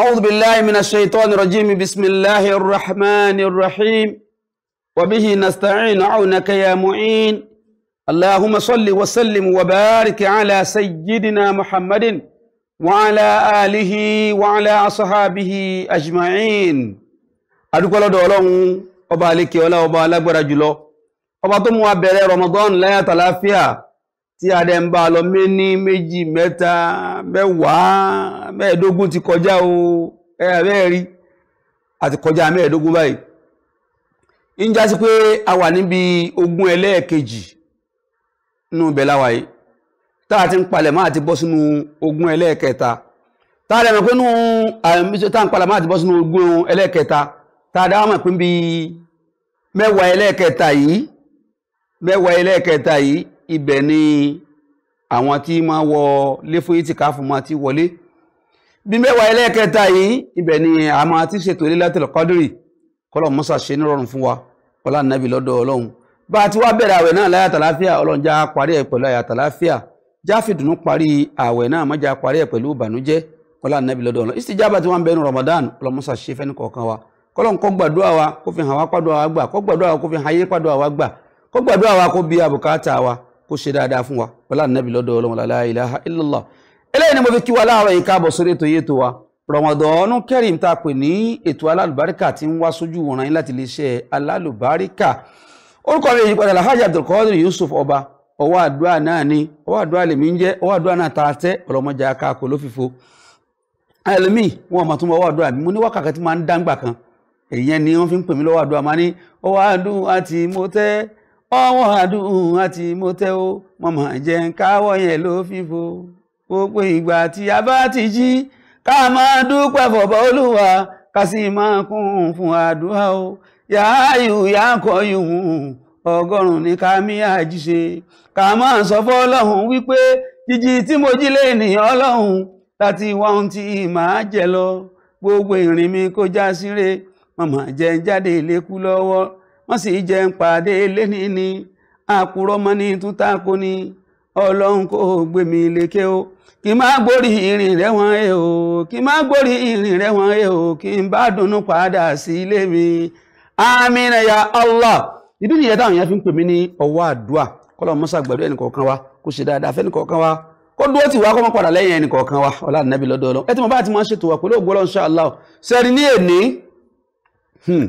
أعوذ بالله من الشيطان الرجيم بسم الله الرحمن الرحيم وبه نستعين عونك يا معين اللهم صل وسلم وبارك على سيدنا محمد وعلى آله وعلى أصحابه أجمعين adúpẹ́ lọ́dọ̀ ọlọ́run ọba àlekè ọlá ọba alágbára jùlọ ọba tó mú tí adẹ ń bá lọ mé méjì mẹ́ta ti kọjá o ẹ̀ẹ́rẹ́rí àti kọjá mẹ́ẹ̀ẹ́dógún báyìí ń já sí pé a wà níbi ogún ẹlẹ́ẹ̀kejì nínú bẹ̀láwà yìí ti ń palẹ̀ máa ti bọ́ sínú ogún ẹlẹ́ẹ̀kẹta pé nínú ń palẹ̀ máa ti bọ́ sínú ogún ẹlẹ́ẹ̀kẹta dáwọ́ mọ̀ pé mẹ́wàá ibẹ̀ ni àwọn tí ma wọ lé fún ìtìkáfù ma ti wọlé bí mẹ́wàá ẹlẹ́ẹ̀kẹta yìí ibẹ̀ ni a máa ti ṣètò ilé látẹ̀lẹ̀ kọ́dírì kọ́lọ̀ mọ́sà ṣe nírọ̀rùn fún wa ọlá nàbì lọ́dọ̀ ọlọ́run bá a ti wá bẹ̀rẹ̀ àwẹ̀ náà láyàtà láfíà ọlọ́run já parí ẹ̀ pẹ̀lú àyàtà láfíà já fìdùnnú parí àwẹ̀ náà má já parí ẹ̀ pẹ̀lú ìbànújẹ́ ọlá nàbì lọ́dọ̀ ọlọ́run ìsìjábà tí wọ́n ń bẹnu Ramadan ọlọ́run mọ́sà ṣe fẹ́ni kọ̀ọ̀kan wa kọ́lọ́n kó gbàdúrà wa kó fi hàn wá pàdúrà wa gbà kó gbàdúrà wa kó fi hàn ayé pàdúrà wa gbà kó gbàdúrà wa kó bí abùkátà wa kó ṣe dáadáa fún wa wọlá nàbí lọ́dọ̀ ọlọ́run la ilaha illallah eléyìí ni mo fi kí wa láàárọ̀ yìí káàbọ̀ sórí ètò yìí tó wa Ramadan Kareem tá a pè ní ètò alálùbáríkà tí ń wá sójú wòran yín láti iléeṣẹ́ alálùbáríkà orúkọ mi yìí padà Alhaji Abdulkadir Yusuf ọba ọwọ́ àdúrà náà ni ọwọ́ àdúrà lèmi ń jẹ́ ọwọ́ àdúrà náà ta tẹ́ ọlọ́mọjà káàkó ló fìfo ẹlòmíì wọn àmọ́ tó mọ ọwọ́ àdúrà mi mo ní wákàtí máa ń dáńgbà kan èyí ni wọ́n fi ń pè mí lọ́wọ́ àdúrà máa ní ọwọ́ àdúrà tí mo tẹ́ ọwọ́ àdùn àti mọ́tẹ́ ó mọ̀mọ́ jẹ́ ń káwọ́ yẹn ló fífo gbogbo ìgbà tí a bá ti jí ká máa dúpẹ́ fọ̀bọ̀ olúwa ká sì máa kún fún àdúrà o yááyù yáàkọ́yù ọgọ́rùn-ún ní ká mí àjíṣe ká máa sọ fọ́lọ́hún wípé jíjí tí mo jí lè ní ọlọ́hun láti wá ohun tí màá jẹ lọ gbogbo ìrìn mi kó já síre mọ̀mọ́ jẹ́ jáde lékú lọ́wọ́ wọ́n sì jẹ ń pàdé lẹ́ni ni àkùrọ̀ mọ́ ní túta kò ní ọlọ́run kò gbé mi lékè o kí n má gbórí ìrìn rẹ̀ wọ́n e kí má gbórí ìrìn rẹ̀ wọ́n e kí n bá dùnnú padà sí ilé mi amina ya allah ìdí nìyẹn táwọn èèyàn fi ń pè mí ní ọwọ́ àdúà kọ́lọ́ mọ́sá gbàdúrà ẹnì kọ̀ọ̀kan wa kó ṣe dáadáa fẹ́ni kọ̀ọ̀kan wa kó dúró tì wá kó mọ́ padà lẹ́yìn ẹnì kọ̀ọ̀kan wa ọlá nàbí lọ́dọ̀ ọlọ́run ẹ tí mo bá ti máa ṣètò wa pẹ̀lú ògbó ọlọ́run sẹ́ni ní èní hmm.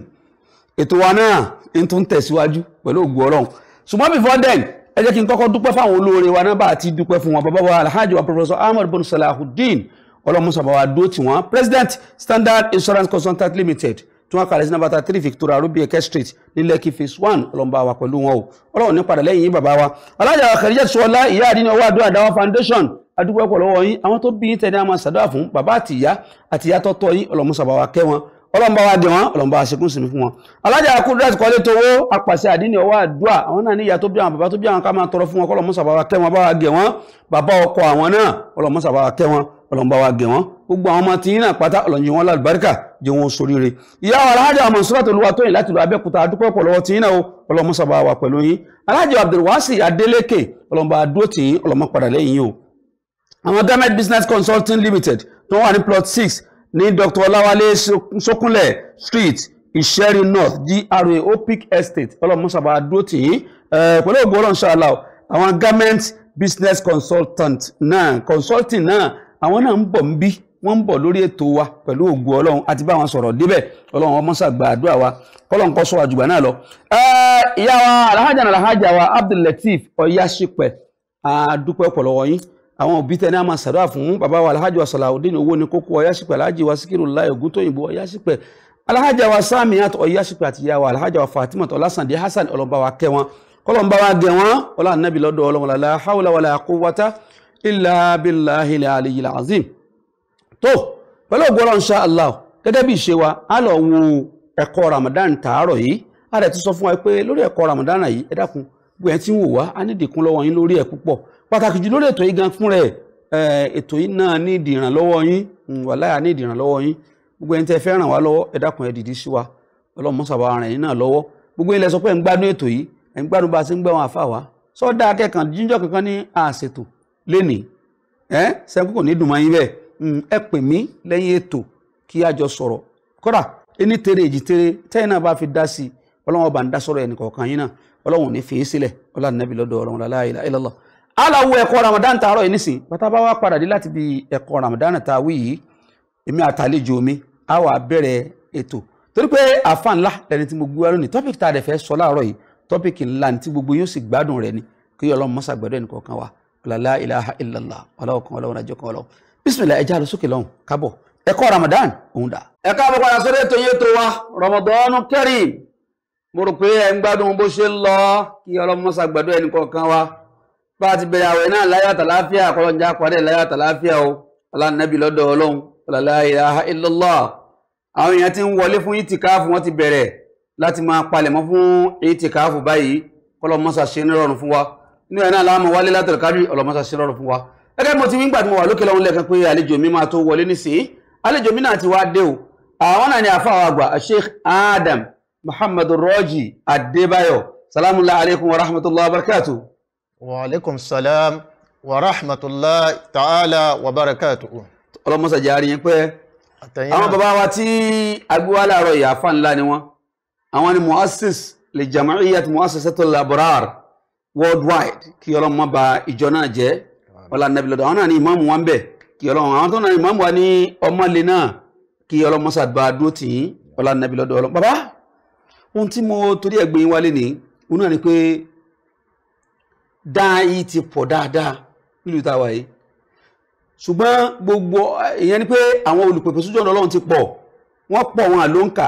ètò wa náà n tó ń tẹ̀síwájú pẹ̀lú ògùn ọlọ́run ṣùgbọ́n before then ẹ jẹ́ kí n kọ́kọ́ dúpẹ́ fáwọn olóore wa náà bá àti dúpẹ́ fún wọn bàbá alhaji wa professor ahmed bin salahudeen ọlọ́mùsọ̀ bàbá wa dúró wọ́n president standard insurance consultant limited tí wọ́n kàlẹ́ sí nàbàtà three victoria rubi eke street ní lẹ́kì phase one ọlọ́mùbá wa pẹ̀lú wọn o ọlọ́run ní padà lẹ́yìn yín bàbá wa alájà kẹrìyẹ sọlá ìyá àdínní ọwọ́ àdúrà dáwọ́ foundation adúpẹ́ pọ̀ lọ́wọ́ yín àwọn tó bí yín tẹ̀ ní àmọ́ sàdúrà fún bàbá àtìyá àtìyá tọ́tọ́ yín ọlọ́mùsọ̀ bàbá wa ọlọ́mbà wa dì wọ́n ọlọ́mbà àṣekún sí mi fún wọn alájà kúrẹ́sì kọ́lé tówó apàṣẹ àdínì ọwọ́ àdúà àwọn náà níyà tó bí àwọn bàbá tó bí àwọn ká máa tọrọ fún wọn kọ́lọ̀ mọ́sàbà wa kẹ́ wọn bá wa gẹ̀ wọ́n bàbá ọkọ àwọn náà ọlọ́mọ́sàbà wa kẹ́ wọn ọlọ́mbà wa gẹ̀ wọ́n gbogbo àwọn ọmọ tí yín náà pátá ọlọ́njẹ wọn lálùbáríkà jẹ wọn soríire ìyá wa alájà ọmọ sọ́tò olúwa tóyìn láti lu abẹ́kúta adúpọ̀ pọ̀ lọ́wọ́ tí yín náà ọlọ́mọsàbà wà pẹ̀lú yín alájà abdulwasi adeleke ọlọ́mọba adúró tì yín padà lẹ́yìn yìí o àwọn Garment Business Consulting Limited tó wà ní plot six ní Dr. Ọláwálé Sókúnlẹ̀ Street Ìṣẹ́rí North GRA Opic Estate ọlọ́mọṣàbà dúrótì yìí pẹ̀lú ògbó ọlọ́run ṣàlà àwọn garment business consultant náà consulting náà àwọn náà ń bọ̀ ń bí wọ́n ń bọ̀ lórí ètò wa pẹ̀lú ògo ọlọ́run àti báwọn sọ̀rọ̀ débẹ̀ ọlọ́run ọmọ ṣàgbà àdúrà wa kọ́lọ́n kọ́ sọ àjùgbà náà lọ. ìyá wa alhaja alhaja wa Abdul Lateef Ọ̀yáṣípẹ̀ a dúpẹ́ pọ̀ yín àwọn òbí tẹ́ ní àmà sàdúrà fún bàbá wa alhaji wa salawudeen owó ní kókó ọyásípẹ̀ alhaji wa sikiru lai ògúntóyìnbó ọyásípẹ̀ alhaji wa sami àti ọyásípẹ̀ àti ìyá wa alhaji wa fatima ọlásàndé hasan ọlọ́ba wa kẹ́ wọn kọlọ́nba wa gẹ̀ wọn ọlá nàbí lọ́dọ̀ ọlọ́wọ́n la hawla wala quwwata illa billahi al-aliyyil azim pàtàkì jù lórí ètò yìí fún rẹ̀ eh, ètò yìí náà ní ìdí ìrànlọ́wọ́ wà láyà ní ìdí ìrànlọ́wọ́ yín gbogbo ẹni tẹ fẹ́ ràn wá lọ́wọ́ ẹ dákun ẹ dìdí sí wa ọlọ́run mọ́sàbà ràn yín náà lọ́wọ́ gbogbo sọ pé ń gbádùn ètò yìí ń gbádùn bá a ń wọn sọ kankan ní àṣetò ẹ kò ní dùn yín hmm, ẹ pè mí ètò kí a jọ tere tere náà bá fi dá sí ń dá sọ̀rọ̀ aláwọ̀ ẹ̀kọ́ Ramadan tààrọ̀ yìí nísìn bàtà bá wá padà dé láti bí ẹ̀kọ́ Ramadan tààwí yìí èmi àtàlejò mi á wà bẹ̀rẹ̀ ètò torí pé àfa ńlá lẹni tí mo gbé lónìí tọ́pìkì tá a dẹ̀ fẹ́ sọ láàárọ̀ yìí tọ́pìkì ńlá ni tí gbogbo yóò sì gbádùn rẹ̀ ni kí Ọlọ́run mọ́sà gbẹ́dọ̀ ẹnì kọ̀ọ̀kan wa la ilaha illallah ọlọ́wọ́ kan ọlọ́wọ́ nájọ́ kan ọlọ́wọ́ bismillah ẹja lọ sókè lọ́hùn kábọ̀ ẹ̀kọ́ Ramadan òun dà. ẹ káàbọ̀ padà sórí ètò yìí tó wa Ramadan Kareem Ọlọ́run mọ́sà bá a ti bẹ̀rẹ̀ àwẹ̀ náà láyàtà láfíà kọlọ́njà parí láyàtà láfíà o alánàbí lọ́dọ̀ ọlọ́run la ilaha illallah àwọn èèyàn ti ń wọlé fún ìtìkáàfù wọn ti bẹ̀rẹ̀ láti máa palẹ̀mọ́ fún ìtìkáàfù báyìí kọlọ́mọ́sà ṣe nírọ̀rùn fún wa inú náà láàmú wálé látọ̀rọ̀ kárí nírọ̀rùn fún wa gẹ́gẹ́ wàhálẹ́kùn salam wa rahmatulah ta'ala wa barakatuhu. ọlọ́mọsà jàrí yín pé àwọn bàbá wa tí agbéwá láàárọ̀ ìyàfà ńlá ni wọ́n àwọn ni muassis lè jama'iyyat muassasatul abrar worldwide kí ọlọ́mọ ba ìjọ náà jẹ́ ọlá nàbí lọ́dọ̀ àwọn náà ni ìmáàmù wa ń bẹ̀ kí ọlọ́run àwọn tó náà ìmáàmù wa ní ọmọ lè náà kí ọlọ́mọsà bá dúró tì í ọlá nàbí lọ́dọ̀ ọlọ́ bàbá ohun tí mo torí ẹ̀gbìn wálé ní òun náà ni pé dáa yìí ti pọ̀ dáadáa nílùú táwa yìí ṣùgbọ́n gbogbo ìyẹn ni pé àwọn olùpèpè sójú ọ̀nà ọlọ́run ti pọ̀ wọ́n pọ̀ wọn àló ń kà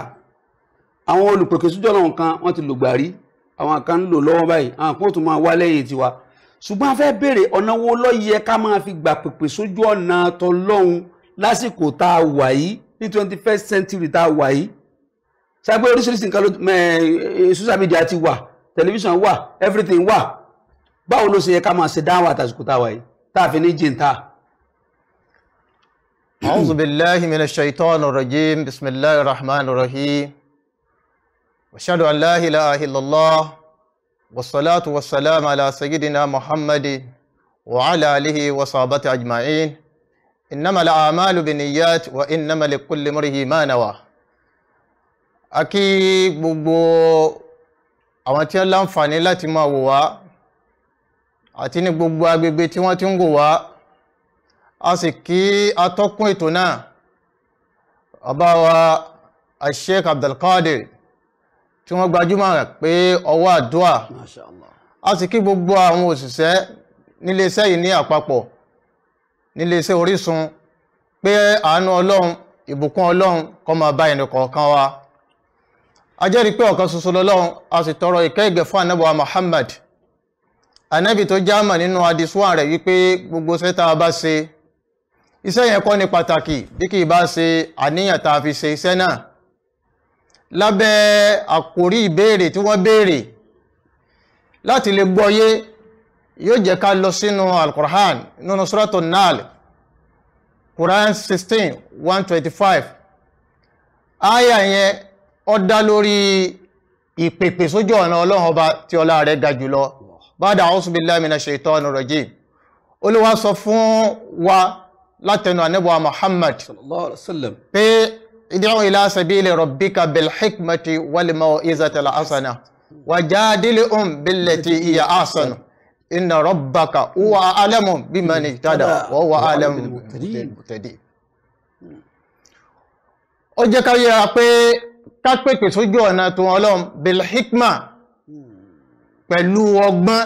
àwọn olùpèpè sójú ọ̀nà kan wọ́n ti lògbà rí àwọn kan ń lò lọ́wọ́ báyìí àwọn kan tó máa wá lẹ́yìn tiwa ṣùgbọ́n a fẹ́ béèrè ọ̀nà wo ló yẹ ká máa fi gbà pèpè sójú ọ̀nà tọlọ́run lásìkò tá a wà yìí ní twenty first century tá a wà yìí ṣàgbé oríṣiríṣi nǹkan ló eh, social media ti wà tẹlifíṣàn wà everything wà báwo ló ṣe yẹ ká máa ṣe dáwà àtàsìkò táwa yìí táàfin ní jìntà. أعوذ بالله من الشيطان الرجيم بسم الله الرحمن الرحيم وأشهد أن لا إله إلا الله والصلاة والسلام على سيدنا محمد وعلى آله وصحبه أجمعين إنما الأعمال بالنيات وإنما لكل امرئ ما نوى a kí gbogbo àwọn tí ó láǹfààní láti máa wò wá àti ní gbogbo agbègbè tí wọ́n ti ń gò wá a sì kí atọ́kùn ètò náà ọba wa Sheikh Abdulkadir tí wọ́n gbajúmọ̀ rẹ̀ pé ọwọ́ àdúà a sì kí gbogbo àwọn òṣìṣẹ́ níléeṣẹ́ yìí ní àpapọ̀ níléeṣẹ́ Orísun pé àánú Ọlọ́run ìbùkún Ọlọ́run kó máa bá ẹnì kọ̀ọ̀kan wa a jẹ́rìí pé ọ̀kan ṣoṣo lọ́lọ́run a sì tọrọ ìkẹ́ ìgẹ̀ fún anábọ̀ Muhammad ànábì tó jámọ̀ nínú adisuwa rẹ̀ wípé gbogbo iṣẹ́ tá a bá ṣe iṣẹ́ yẹn kọ́ ni pàtàkì bí kì í bá ṣe àníyàn tá a fi ṣe iṣẹ́ náà lábẹ́ àkórí ìbéèrè tí wọ́n béèrè láti lè gbọ́yé yóò jẹ́ ká lọ sínú alkur'an nínú suratu nal quran 16 125 aya yẹn ó dá lórí ìpèpè sójú ọ̀nà ọlọ́run ọba tí ọlá rẹ̀ ga jùlọ bada a'udhu billahi minash shaitani rajim olúwa sọ fún wa látẹnu anábọ̀wá muhammad pé id'u ila sabili rabbika bil hikmati wal maw'izati al hasana wajadilhum billati hiya ahsanu inna rabbaka huwa a'lamu biman ihtada wa huwa a'lamu bil muhtadin ó jẹ́ ká yẹra pé ká pèpè sójú ọ̀nà tó ọlọ́run bil pẹ̀lú ọgbọ́n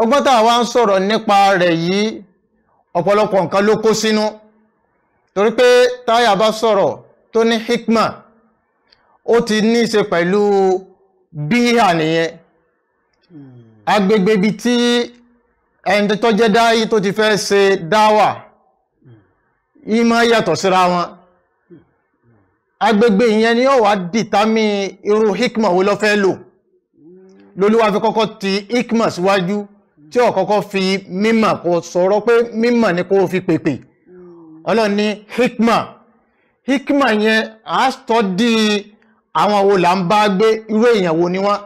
ọgbọ́n tàà wá ń sọ̀rọ̀ nípa rẹ̀ yìí ọ̀pọ̀lọpọ̀ nǹkan ló kó sínú torí pé táyà bá sọ̀rọ̀ tó ní hikma ó ti ní í ṣe pẹ̀lú bíhà nìyẹn agbègbè ibi tí ẹni tó jẹ́ dáyí tó ti fẹ́ ṣe dáwà ìmọ̀ yàtọ̀ síra wọn agbègbè ìyẹn ni ó wá dìtámì irú hikma wo ló fẹ́ lò lolúwa fi kọ́kọ́ ti ikma síwájú tí o kọ́kọ́ fi mímọ̀ ko sọ̀rọ̀ pé mímọ̀ ni o fi pèpè ọlọ́run ni hikma hikma yẹn a tọ́dí àwọn wo là ń bá gbé irú èèyàn wo ni wọ́n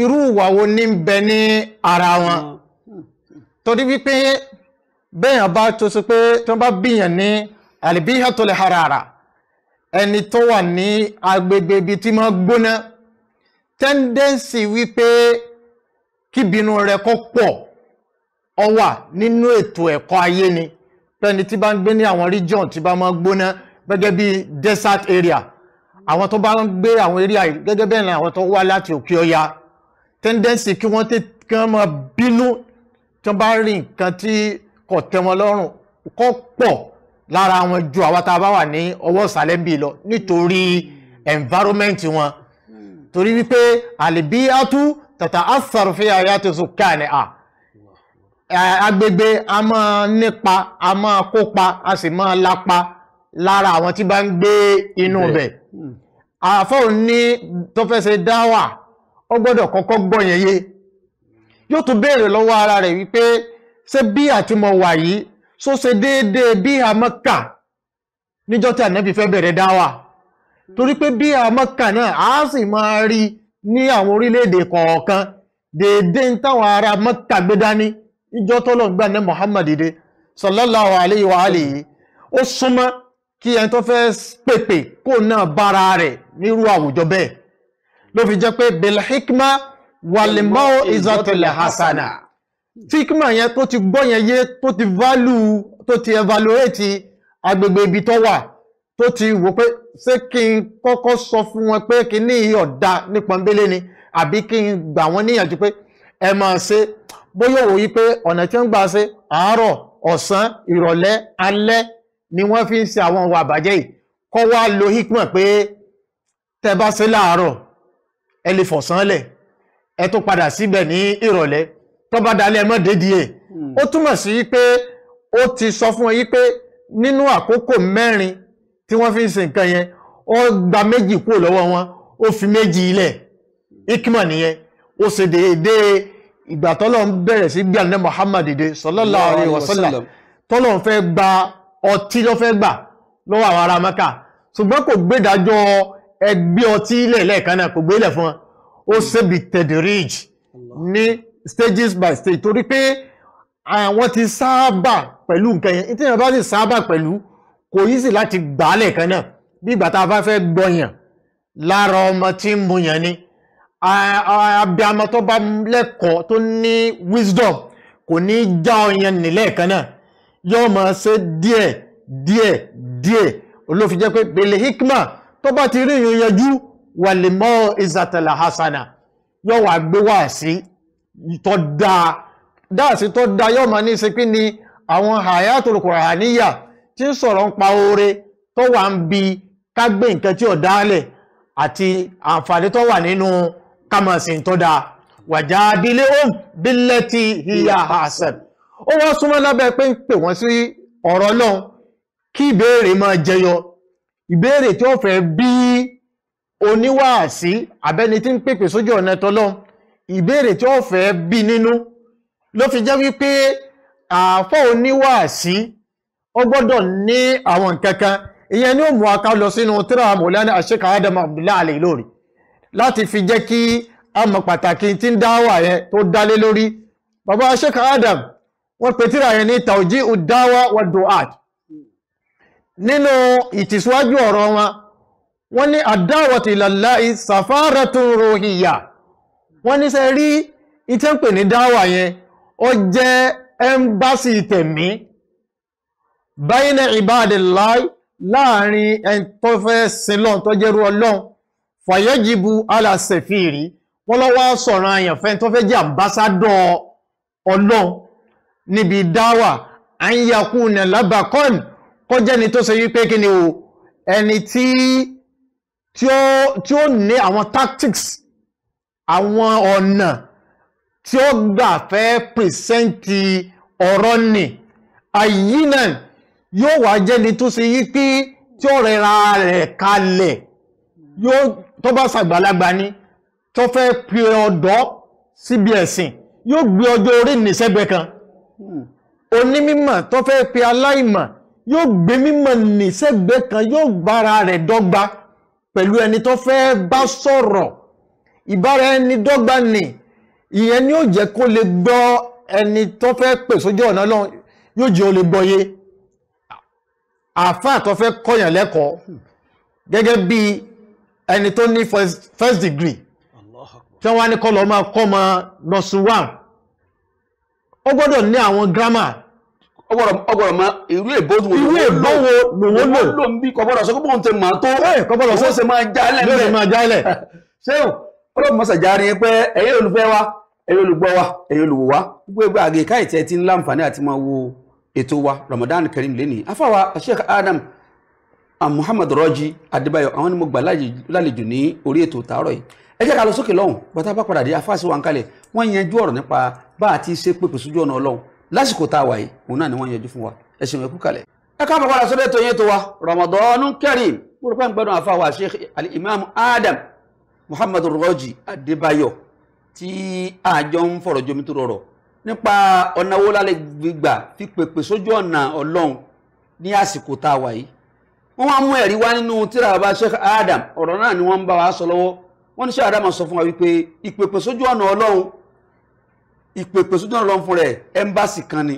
irú ìwà wo ní ń bẹ ní ara wọn torí wípé bẹ́ẹ̀yàn bá tó sọ pé tí wọ́n bá bíyàn ní àlìbíyàn tó lè ara ẹni tó wà ní agbègbè ibi tí wọ́n gbóná tẹ́ndẹ́nsì wípé kíbinú rẹ̀ kó pọ̀ ọ wà nínú ètò ẹ̀kọ́ ayé ni pẹ́ni tí bá ń gbé ní àwọn region tí bá máa gbóná gẹ́gẹ́ bí desert area àwọn tó bá ń gbé àwọn area gẹ́gẹ́ bẹ́ẹ̀ ni àwọn tó wá láti òkè ọya tẹ́ndẹ́nsì kí wọ́n tẹ́ kí wọ́n máa bínú tí wọ́n bá rí nǹkan tí kò tẹ́ wọn lọ́rùn kó pọ̀ lára wọn ju àwa tá a bá wà ní ọwọ́ ìsàlẹ̀ bíi lọ nítorí environment wọn torí wípé àlìbíyàtú tàtà àsàrùfẹ́ àyàtò sùkánì à agbègbè a máa nípa a máa kópa a sì máa lápa lára àwọn tí bá ń gbé inú bẹ̀ àfọ́hùn ní tó fẹ́ ṣe dáwà ó gbọ́dọ̀ kọ́kọ́ gbọ́yẹ̀yẹ yóò tún béèrè lọ́wọ́ ara rẹ̀ wípé ṣé bí àti mo wà yìí só ṣe déédéé bí àmọ́kà níjọ́ tí ànábì fẹ́ bẹ̀rẹ̀ dáwà torí pé bí àmọ́ náà a sì máa rí ní àwọn orílẹ̀-èdè kọ̀ọ̀kan déédéé ń táwọn ará Mẹ́kà gbé dání ìjọ tọ́lọ̀ gbà ní Muhammad dé sallallahu alayhi wa alihi ó súnmọ́ kí ẹni tó fẹ́ pèpè kó náà bára rẹ̀ nírú àwùjọ bẹ́ẹ̀ ló fi jẹ́ pé bilhikma walimọ́ ìzọ́tẹ̀lẹ̀ hasana fíkmà yẹn tó ti gbọ́ yẹn yé tó ti value tó ti evaluate agbègbè ibi tó wà tó ti wò pé ṣé kí n kọ́kọ́ sọ fún wọn pé kí ní iyọ̀ da ní ni àbí kí n gbà wọ́n níyànjú pé ẹ máa ṣe bóyá òwò yìí pé ọ̀nà tí wọ́n gbà ṣe àárọ̀ ọ̀sán ìrọ̀lẹ́ alẹ́ ni wọ́n fi ń ṣe àwọn ìwà àbàjẹ́ yìí kọ́ wá lo hikmọ̀ pé tẹ bá ṣe láàárọ̀ ẹ lè fọ̀sán lẹ̀ ẹ tó padà síbẹ̀ ní ìrọ̀lẹ́ tó bá dalẹ̀ ẹ mọ́ dédìé hmm. ó túmọ̀ sí pé ó ti sọ fún ẹ yí pé nínú àkókò mẹ́rin tí wọ́n fi ń ṣe nǹkan yẹn ó gba méjì kúrò lọ́wọ́ wọn ó fi méjì ilẹ̀ ikman nìyẹn ó ṣe déédé ìgbà tọ́lọ̀ ń bẹ̀rẹ̀ sí gbé àná Muhammad dìde sallallahu alaihi wasallam tọ́lọ̀ ń fẹ́ gba ọtí ló fẹ́ gbà lọ́wọ́ àwọn ará Mẹ́kà ṣùgbọ́n kò gbédájọ́ ẹgbẹ́ ọtí ilẹ̀ lẹ́ẹ̀kan náà kò gbé ilẹ̀ fún wọn ó ṣèbí tẹ̀dírìj ní stages by stage torí pé àwọn ti sáábà pẹ̀lú nǹkan yẹn ìtẹ̀yìn bá sì sáábà pẹ̀lú kò easy láti gbà á lẹ́ẹ̀kan náà bí ìgbà tá a bá fẹ́ gbọ̀yàn lára ọmọ tí ń mu yàn ni abiyamọ tó bá lẹ́kọ̀ọ́ tó ní wisdom kò ní já ọyàn nílẹ̀ kan náà yóò máa ṣe díẹ̀ díẹ̀ díẹ̀ olófin jẹ́ pé pèlè hikma tó bá ti rí ìyẹn yanjú wà lè mọ́ ìzàtàlà hasana yóò wà gbé wá sí tó dáa dáa sí tó dáa yóò máa ní ṣe pé ni àwọn àyàtòrò Kùránì níyà tí ń sọ̀rọ̀ ń pa oore tó wà ń bi ká gbé nǹkan tí ò dálẹ̀ àti àǹfààní tó wà nínú kámasìn tó dáa wàjá abilé ó bílẹ̀ ti hiya hasan ó wá súnmọ́ lábẹ́ pé ń pè wọ́n sí ọ̀rọ̀ náà kí ìbéèrè máa jẹyọ ìbéèrè tí ó fẹ́ bí oníwàásí abẹ́ni tí ń pèpè sójú ọ̀nà tọ́lọ́ ìbéèrè tí ó fẹ́ bí nínú ló fi jẹ́ wípé àfọ́ oníwàásí ó gbọ́dọ̀ ní àwọn nǹkan kan ìyẹn ni ó mú aka lọ sínú tíra mọ̀lánà àṣekà adam abdullahi alẹ́ lórí láti fi jẹ́ kí a mọ̀ pàtàkì tí ń dáwà yẹn tó dálé lórí bàbá àṣekà adam wọ́n pe tíra yẹn ní tàwùjí udáwà wà du'at nínú ìtìsíwájú ọ̀rọ̀ wọn wọ́n ní àdáwọ̀tì ilallahi safaratun ruhiyya wọ́n ní sẹ́ rí ìtẹ́ǹpè ní dáwà yẹn ó jẹ́ ẹ́mbásì tẹ̀mí bayna ibadillah láàrin ẹni tó fẹ́ sin lọ́n tó jẹ́rú ọlọ́n fàyẹ́jìbù alàṣẹ̀fìrí wọ́n lọ́wọ́ sọ̀rọ̀ àyàn fẹ́ tó fẹ́ jẹ́ àmbásádọ̀ ọlọ́n níbi dáwà àyíyàkúnà lábàkọ́n kọjẹ́ ni tó ṣe wípé kí ni o ẹni tí tí ó ní àwọn tactics àwọn ọ̀nà tí ó gbà fẹ́ pìrìsẹ́ǹtì ọ̀rọ̀ ni àyínà yóò wá jẹ́ni tó ṣe yí pé tí ó rẹra rẹ̀ kalẹ̀ yóò tó bá ṣàgbàlagbà ni tó fẹ́ pe ọ̀dọ́ síbi ẹ̀sìn yóò gbé ọjọ́ orí nìṣẹ́gbẹ́ kan hmm. onímímọ̀ tó fẹ́ pe aláìmọ̀ yóò gbé mímọ̀ nìṣẹ́gbẹ́ kan yóò bára rẹ̀ dọ́gba pẹ̀lú ẹni tó fẹ́ bá sọ̀rọ̀ ìbára ẹni dọ́gba ni ìyẹn ni ó jẹ́ kó lè gbọ́ ẹni tó fẹ́ pè sójú ọ̀nà Ọlọ́run yóò jẹ́ ó lè gbọ́yé àfáà tó fẹ́ kọ́yàn lẹ́kọ̀ọ́ gẹ́gẹ́ bí ẹni tó ní first degree tí wọ́n ní kọ́lọ̀ máa kọ́ ma nọ́sù wà ó gbọ́dọ̀ ní àwọn grammar ọgbọ̀rọ̀ ma irú èbówo lòwó lò lò ń bí kọbọ̀rọ̀ sọ kọ́bọ̀n tẹ máa tó kọbọ̀rọ̀ sọ se máa jálẹ̀ bẹ́ẹ̀ máa jálẹ̀ ṣé o ọlọ́pàá mọ́sà járe pé ẹ̀yin olùfẹ́ wa ẹ̀yin olùgbọ́ wa ẹ̀yin olùwò wa gbogbo àgè káìtẹ́ ti ń láǹfààní àti máa wo ètò wa Ramadan Kareem lẹ́nìí afáwa Sheikh Adam Muhammad Rọ́jí Adébáyọ̀ àwọn ni mo gbà lálejò ní orí ètò tààrọ̀ yìí ẹ jẹ́ ká lọ sókè lọ́hùn bàtà bá padà dé afáàsì wa ń kalẹ̀ wọ́n yanjú ọ̀rọ̀ nípa bá a ti ṣe pèpè sójú ọ̀nà Ọlọ́run lásìkò tá a wà yìí òun náà ni wọ́n yanjú fún wa ẹ ṣeun ẹ kú kalẹ̀. ẹ káàbọ̀ padà sórí ètò yẹn tó wa Ramadan Kareem mo rò ń gbẹ́dùn àfáwà Sheikh Ali imam Adam Muhammad Rọ́jí Adébáyọ̀ tí àjọ ń fọ̀rọ̀ jomitoro ọ̀rọ̀ nípa ọ̀nà owó lálẹ́ gbígbà fi pèpè sójú ọ̀nà ọlọ́run ní àsìkò tá a wà yìí wọ́n wá mú ẹ̀rí wá nínú tíra bàbá Sheikh Adam ọ̀rọ̀ náà ni wọ́n ń bá wa sọ lọ́wọ́ wọ́n ní Sheikh Adam sọ fún wa wípé ìpèpè sójú ọ̀nà ọlọ́run ìpèpè sójú ọ̀nà ọlọ́run fún rẹ̀ ẹ́mbáàsì kan ni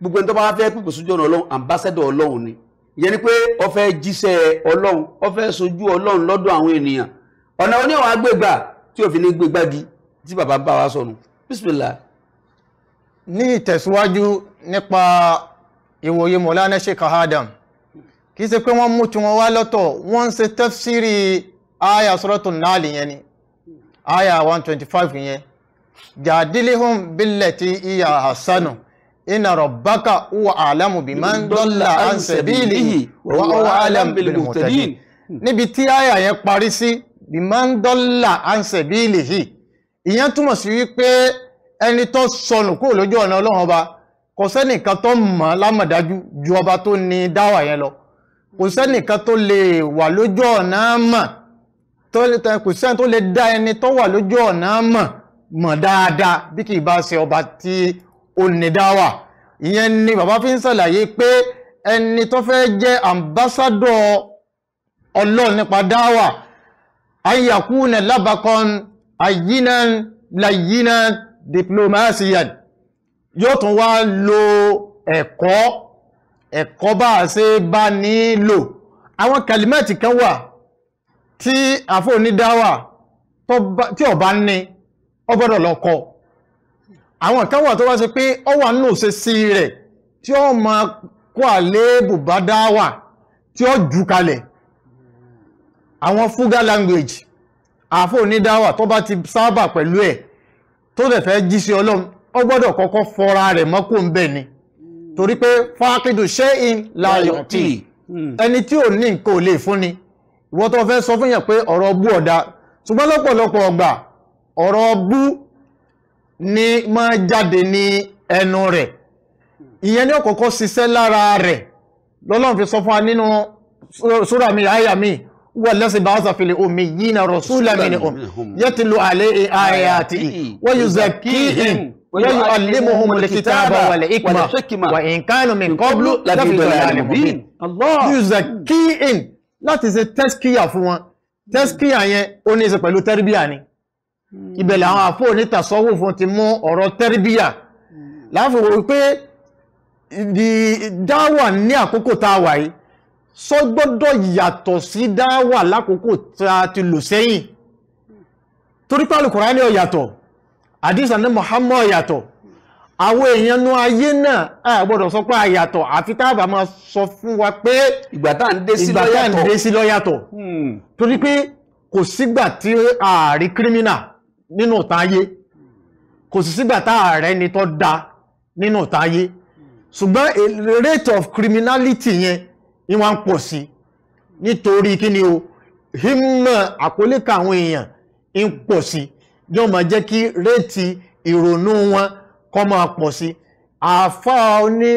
gbogbo ẹni tó bá fẹ́ pèpè sójú ọ̀nà ọlọ́run ambassador ọlọ́run ni ìyẹn ni pé ó fẹ́ jíṣẹ́ ọlọ́run ó fẹ́ sojú ọlọ́run lọ́dọ̀ àwọn ènìyàn ọ̀nà oníwàá gbégbà tí òfin ní gbégbági tí bàbá bá wa sọnù Bismillah ní ìtẹ̀síwájú nípa ìwòye mọ̀lánà sheikh adam kìí ṣe pé wọ́n mú tí wọ́n wá lọ́tọ̀ wọ́n ń ṣe tafsiri aya suratul yẹn ni aya 125 yẹn jadilhum billati iya hasanu inna rabbaka huwa a'lamu biman dalla an sabilihi wa huwa a'lamu bil muhtadin níbi tí aya yẹn parí sí biman dalla an sabilihi ìyẹn túmọ̀ sí wípé ẹni tó sọnù kúrò lójú ọ̀nà ọlọ́run ọba kò sẹ́nìkan tó mọ̀ lámọ̀dájú ju ọba tó ní dáwà yẹn lọ kò sẹ́nìkan tó lè wà lójú ọ̀nà mọ̀ kò sẹ́ni tó lè dá ẹni tó wà lójú ọ̀nà mọ̀ mọ̀ dáadáa bí kì í bá ṣe ọba tí ó ní dáwà ìyẹn ni bàbá fi ń ṣàlàyé pé ẹni tó fẹ́ jẹ́ àmbásádọ̀ ọlọ́run nípa dáwà ayakuna labakan ayinan layinan diplomasiyan yóò tún wá lo ẹ̀kọ́ ẹ̀kọ́ bá a ṣe bá ní lò àwọn kalimẹ́tì kan wà tí àfónídáwà tí ọba ní ọgbọ́dọ̀ lọ́kọ́ àwọn kan wà tó wá ṣe pé ọ wà nù ṣe sí rẹ̀ tí ó máa kó àléébù bá dáwà tí ó jù kalẹ̀ àwọn fuga language àfónídáwà tó bá ti sábà pẹ̀lú ẹ̀ tó dẹ̀ fẹ́ jí sí ọlọ́run ó gbọ́dọ̀ kọ́kọ́ fọra rẹ̀ mọ́kò ń bẹ̀ ni torí pé fákìdù ṣé in láyọ̀ tí hmm. ẹni tí ò ní nǹkan ò lè fúnni ìwọ́n tó fẹ́ sọ fún yàn pé ọ̀rọ̀ bú ọ̀dà ṣùgbọ́n lọ́pọ̀lọpọ̀ ọgbà ọ̀rọ̀ bú ni máa jáde ní ẹnu rẹ̀ ìyẹn ní ó kọ́kọ́ ṣiṣẹ́ lára rẹ̀ lọ́lọ́run fi sọ fún wa nínú súrà mi àyà mi والذي بعث في الأميين رسولا منهم يتلو عليه آياته ويزكيهم ويعلمهم الكتاب والحكمة وإن كانوا من قبل لفي ضلال مبين الله يزكيهم láti ṣe tẹ́skíyà fún wọn tẹ́skíyà yẹn ó ní í ṣe pẹ̀lú tẹ́rbíyà ni ìbẹ̀lẹ̀ àwọn àfọ́ onítàsọ́wò fún ti mú ọ̀rọ̀ tẹ́rbíyà láàfin wò pé dáwà ní àkókò tá a wà yìí sọ gbọ́dọ̀ yàtọ̀ sí dáwà lákòókò tí a ti lò sẹ́yìn torí pé Al-Kùránì ó àdísà ní Muhammad ó yàtọ̀ àwọn èèyàn nú ayé náà a gbọ́dọ̀ sọ pé àyàtọ̀ àfi táàbà máa sọ fún wa pé ìgbà tá à ń dé sí lọ́yàtọ̀ hmm. torí ni tó da rate of criminality yẹn ní wọ́n ń pọ̀ sí nítorí kí ni o hímọ̀ àkólíkà àwọn èèyàn ń pọ̀ sí yóò máa jẹ́ kí réètì ìrònú wọn kọ́ máa pọ̀ sí àfa oní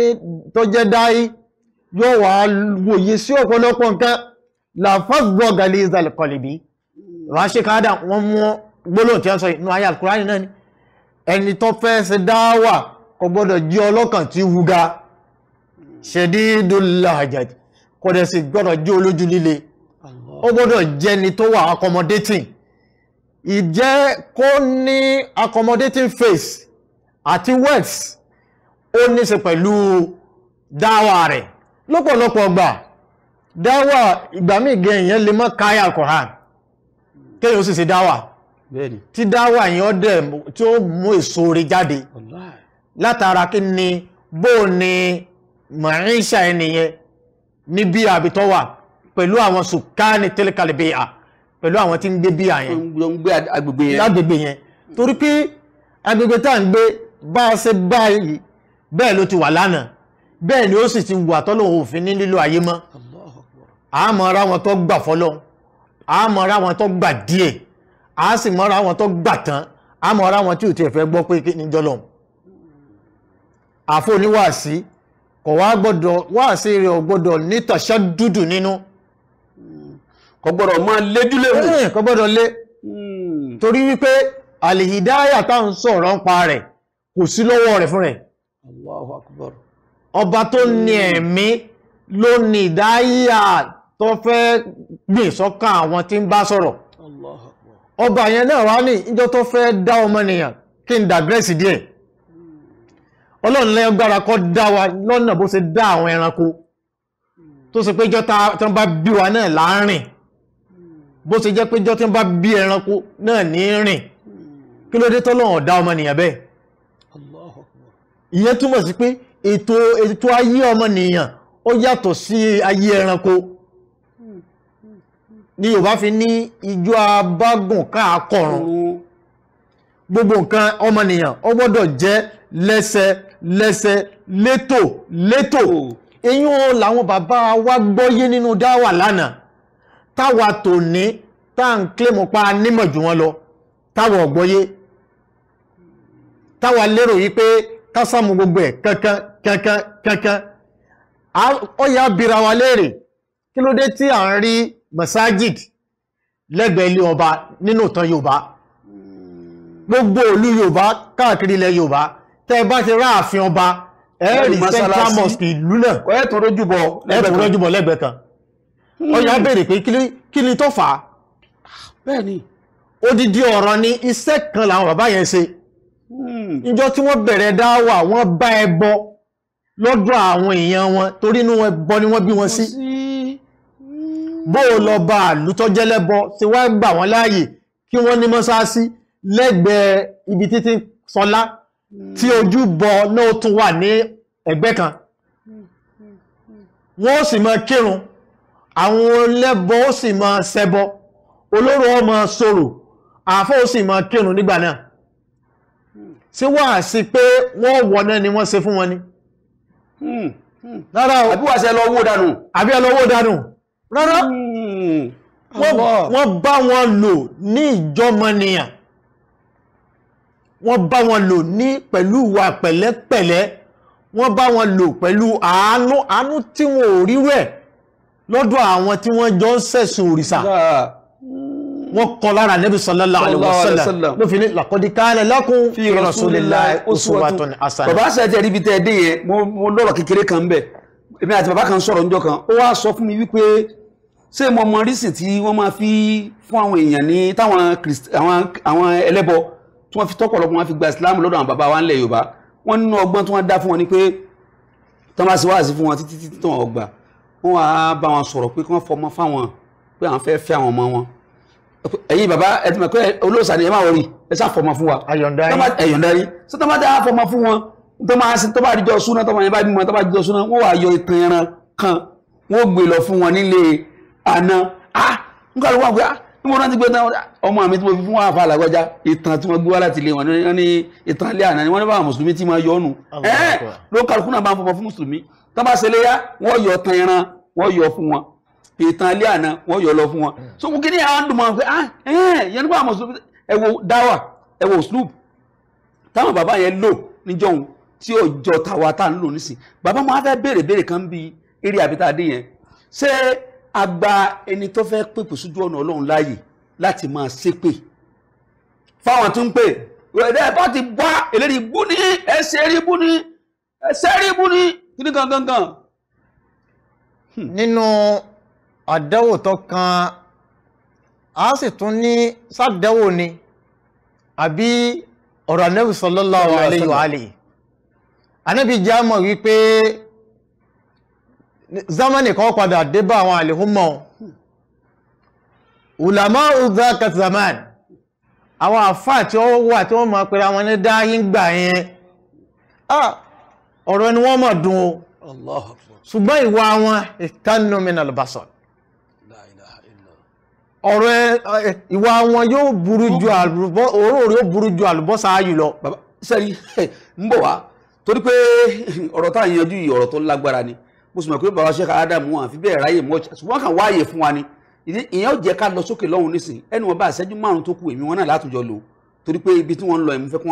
tọ́jẹ́ dáí yóò wá wòye sí ọ̀pọ̀lọpọ̀ nǹkan làfàgbọ́ gàlẹ́ ìzàlẹ̀ kọlìbí ránṣẹ́ káádà wọ́n mú gbólóhùn tí wọ́n sọ inú ayé alukurani náà ni ẹni tó fẹ́ ṣe dáwà kò gbọ́dọ̀ jí ọlọ́kàn tí wuga ṣẹ̀dí dùn láhàjàjì kò dẹ̀ sì gbọ́dọ̀ jẹ́ olójú líle ó gbọ́dọ̀ jẹ́ ni tó wà accommodating ìjẹ́ kó ní accommodating face àti words ó ní ṣe pẹ̀lú dáwà rẹ̀ lọ́pọ̀lọpọ̀ ọgbà dáwà ìgbà míì gẹ èèyàn lè mọ́ káyà Kùránì kéèyàn ó sì ṣe dáwà tí dáwà yẹn ọdẹ tí ó mú èso rẹ̀ jáde látara kí ni bó ni màá ń ṣà ẹnìyẹn ní bíà àbí tó wà pẹ̀lú àwọn sùkáàní tẹ́lẹ̀kàlẹ̀ bíà pẹ̀lú àwọn tí ń gbé bíà yẹn ń gbé agbègbè yẹn lágbègbè yẹn torí pé agbègbè tá à ń gbé bá a ṣe báyìí bẹ́ẹ̀ ló ti wà lánàá bẹ́ẹ̀ ni ó sì ti wà tọ́lọ́hun òfin ní lílo ayé mọ́ àmọ́ ara wọn tó gbà fọlọ́hun àmọ́ ara wọn tó gbà díẹ̀ a sì mọ́ ara wọn tó gbà tán àmọ́ ara wọn tí ò tiẹ̀ fẹ́ gbọ́ pé níjọ́ lọ́hùn àfọ oníwàásí kò wá gbọ́dọ̀ wáàsí rẹ̀ ò gbọ́dọ̀ ní nínú. kò gbọ́dọ̀ máa léjú léwu. Eh, kò lé hmm. torí wípé àlìhídáyà tá ń sọ̀rọ̀ ń pa rẹ̀ kò sí lọ́wọ́ rẹ̀ fún rẹ̀. ọba tó ní hmm. ẹ̀mí ló ní ìdáyà tó fẹ́ gbìn sọ́kàn àwọn tí ń bá sọ̀rọ̀. ọba yẹn náà wá ní ìjọ tó fẹ́ dá ọmọnìyàn kí n dàgírẹ́sì díẹ̀. ọlọ́run lẹ́gbára kọ́ dá wa lọ́nà bó ṣe dá àwọn ẹranko tó ṣe pé jọta tán bá bí wa náà láàárín bó ṣe jẹ́ pé jọ tán bá bí ẹranko náà ní rìn kí ló dé tọ́lọ́run ọ̀dá ọmọnìyàn bẹ́ẹ̀ ìyẹn túmọ̀ sí pé ètò ètò ayé ọmọnìyàn ó yàtọ̀ sí ayé ẹranko ni Yorùbá fi ní ijó abágùn káàkọrùn gbogbo nǹkan ọmọnìyàn ó gbọ́dọ̀ jẹ́ lẹ́sẹ̀ létò létò eyín o làwọn bàbá wa gbọ́yé nínú dáwà lánàá táwa tò ní tá à ń kílèmù pa nímọ̀ jù wọn lọ táwa ọ̀gbọ́yé táwa lérò yìí pé kásámù gbogbo ẹ̀ kankan kankan kankan ó yà bira wa léèrè kí ló dé tí à ń rí masajid lẹ́gbẹ̀ẹ́ ilé ọba nínú ìtàn yorùbá hmm. gbogbo ìlú yorùbá káàkiri ilẹ̀ yorùbá tẹ́ ẹ bá ti rá ààfin ọba ẹ̀ẹ́rì central mosque ìlú náà ẹ̀ẹ́tún rójúbọ lẹ́gbẹ̀ẹ́ kan ọyà hmm. béèrè pé kí ni tó fà á bẹ́ẹ̀ ni odidi ọ̀rọ̀ ni iṣẹ́ kan làwọn bàbá yẹn ṣe hmm. níjọ́ tí wọ́n bẹ̀rẹ̀ dáwà wọ́n bá ẹbọ lọ́dọ̀ àwọn èèyàn wọn torí inú ẹbọ ni wọ́n bí wọn sí hmm. bó o lọ bá àlú tọ́jẹ́ lẹ́bọ ṣe wá gbà wọ́n láàyè kí wọ́n ní mọ́ṣáláṣí lẹ́gbẹ̀ẹ́ ibi títí sọlá tí ojú bọ náà tún wà ní ẹgbẹ́ kan wọ́n sì máa kírun àwọn olẹ́bọ ó sì máa ṣẹbọ olóró ó máa àáfọ́ ó sì máa kírun nígbà náà ṣé wàá sí pé wọ́n wọ̀ náà ni wọ́n ṣe fún wọn ni. rárá o àbí wàá ṣe lọ owó dànù. àbí ẹ lọ owó dànù rárá hmm. wọ́n bá wọn lò ní ìjọmọnìyàn wọ́n bá wọn lò ní pẹ̀lú ìwà pẹ̀lẹ́pẹ̀lẹ́ wọ́n bá wọn lò pẹ̀lú àánú àánú tí wọn ò rí rẹ̀ lọ́dọ̀ àwọn tí wọ́n jọ ń ṣẹ̀sìn òrìṣà wọ́n kọ lára nẹ́bí sallallahu alaihi wasallam ló fi ní laqad kana lakum fi rasulillahi uswatun hasanah. bàbá sẹ́tẹ̀ ríbi tẹ́ ẹ dé yẹn mo lọ́rọ̀ kékeré kan ń bẹ̀ èmi àti bàbá kan sọ̀rọ̀ níjọ́ kan ó wá sọ fún mi wípé ṣé mo mọ rísì tí wọ́n máa fi fún àwọn èèyàn ní táwọn ẹlẹ́bọ tí wọ́n fi tọ́pọ̀lọpọ̀ wọn fi gba islam lọ́dọ̀ àwọn bàbá wa ńlẹ̀ yorùbá wọ́n nínú ọgbọ́n tí wọ́n dá fún wọn ni pé tán bá sì wáàsí fún wọn títí títí tán ọgbà wọ́n wá bá wọn sọ̀rọ̀ pé kí wọ́n fọmọ fáwọn pé àwọn fẹ́ẹ́ fẹ́ àwọn ọmọ wọn ẹ̀yin bàbá ẹ pé olóòsà ni ẹ máa wọrí ẹ sá fọmọ fún wa ẹ̀yọ̀ǹda yín sọ tán bá dá fọmọ fún wọn tó máa sin tó bá dijọ́ súná tó máa yẹn bá bímọ tó bá dijọ́ súná wọ́n wá yọ ìtàn ẹran kan wọ́n gbé lọ fún wọn nílé àná ah nǹkan ló wà pé ah bí mo rántí pé ọmọ àmì tí mo fi fún àfa àlàgbọ́já ìtàn tí wọ́n gbé wá láti ilé wọn ní ìtàn ilé àná ni wọ́n ní báwọn mùsùlùmí tí máa yọnu ẹ́ẹ́ ló kálukú náà bá fọmọ fún mùsùlùmí tó bá ṣe léyà wọ́n yọ tan ẹran wọ́n yọ fún wọn ìtàn ilé àná wọ́n yọ lọ fún wọn. Hmm. so kí ni àwọn dùn mọ́ pé ah, ẹ́ẹ́ yẹn ní báwọn mùsùlùmí ẹ wo dáwà ẹ wo sloop táwọn bàbá yẹn lò níjọ́hun tí ò jọ tàwa tá à ń lò nísìn a gba ẹni tó fẹ́ pèpè sójú ọ̀nà ọlọ́run láàyè láti máa ṣépè fáwọn tó ń pè ẹ̀dẹ́ bá ti bá ẹlẹ́rìí bú ní ẹsẹ̀ rí bú ní ẹsẹ̀ rí bú ní kíní gangan. Hmm. nínú àdánwò tó kan a sì tún ní sádánwò ni àbí ọ̀rọ̀ anábì sallallahu alaihi wa alihi anábì já mọ̀ wípé zamani kan padà dé bá àwọn àlèhúnmọ́ ulama udhaka zaman àwọn àfáà tí ó wà tí wọ́n máa pèrè àwọn ní dáyín gbà yẹn ọ̀rọ̀ ni wọ́n mọ̀ dùn o Allahu Akbar ṣùgbọ́n ìwà wọn ìtànù min al-basar ọ̀rọ̀ ìwà wọn yóò burú ju àlùbọ́ òórùn yóò burú ju àlùbọ́sà ayù lọ. bàbá sẹ́rí ń bọ̀ wá torí pé ọ̀rọ̀ tá à ń tó lágbára ni mo sì mọ̀ pé bàbá Sheikh Adam wọn àfi bẹ́ẹ̀ ráyè mọ́ ṣùgbọ́n kàn wáàyè fún wa ni ìyẹn ò jẹ́ ká lọ sókè lọ́hùn nísìn ẹnu wọn bá ìṣẹ́jú márùn tó kù èmi wọn náà látòjọ lò torí pé ibi tí wọ́n ń lọ ìmúfẹ́ kí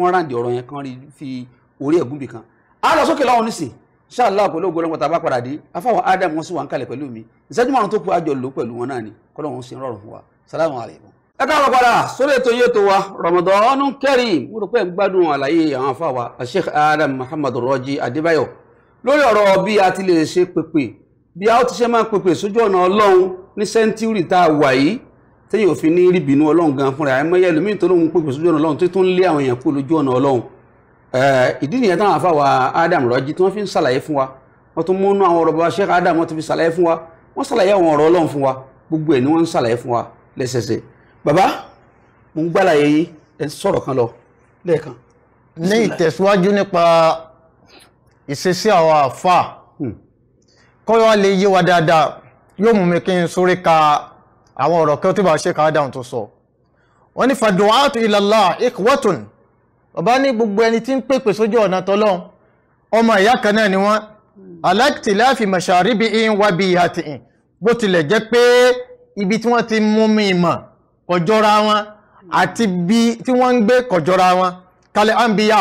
wọ́n ráǹdì ọ̀rọ̀ yẹn kán rí fi orí ẹ̀gún bì kan á lọ sókè lọ́hùn nísìn ṣáàlá pẹ̀lú ògbó lọ́pọ̀ tàbá padà dé afáwọn Adam wọn sì wà ń kalẹ̀ pẹ̀lú mi ìṣẹ́jú márùn tó kù àjọ lò pẹ̀lú wọn náà ni kọ́lọ́hún lórí ọ̀rọ̀ bí a ti lè ṣe pèpè bí a ó ti ṣe máa pèpè sójú ọ̀nà ọlọ́run ní sẹ́ńtúrì tá a wà yìí tẹ́yìn òfin ní rí bínú ọlọ́run gan fúnra ẹ̀ mọ́yẹ́ lómi tó lóun pèpè sójú ọ̀nà ọlọ́run tó tún lé àwọn èèyàn kú lójú ọ̀nà ọlọ́run ìdí nìyẹn táwọn afáwa Adam Raji tí wọ́n fi ń ṣàlàyé fún wa wọ́n tún múnú àwọn ọ̀rọ̀ bàbá Adam wọ́n ti fi wa wọ́n ṣàlàyé àwọn ọ̀rọ̀ ọlọ́run fún wa gbogbo wa lẹ́sẹsẹ bàbá mo ń gbàlàyé yín ẹ sọ̀rọ̀ kan lọ lẹ́ẹ̀kan. ní ìtẹ̀síwájú ìṣesí àwọn àfáà hmm. kọ́yọ́ lè yé wa dáadáa yóò mú mi kí n sórí ka àwọn ọ̀rọ̀ kí ó tí bá ṣe káádà tó sọ wọ́n ní fàdùwàátù ìlàlá ikhwatun ọba ní gbogbo ẹni tí ń pèpè sójú ọ̀nà tọ́lọ́n ọmọ ìyá kan náà ni wọ́n hmm. aláìtì láàfin màṣàríbi in wá bí ìhà ti bó tilẹ̀ jẹ́ pé ibi tí wọ́n ti mú mi ìmọ̀ kọjọ́ra wọn àti bí tí wọ́n ń gbé kọjọ́ra wọn kalẹ̀ àǹbíyà